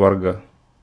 vargą